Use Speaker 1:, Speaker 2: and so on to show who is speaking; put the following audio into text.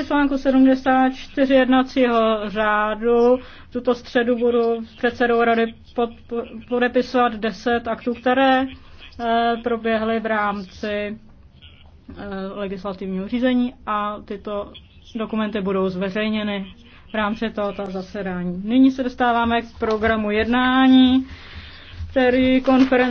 Speaker 1: Podle článku 74 jednacího řádu tuto středu budu předsedou rady podepisovat 10 aktů, které eh, proběhly v rámci eh, legislativního řízení a tyto dokumenty budou zveřejněny v rámci tohoto zasedání. Nyní se dostáváme k programu jednání, který konference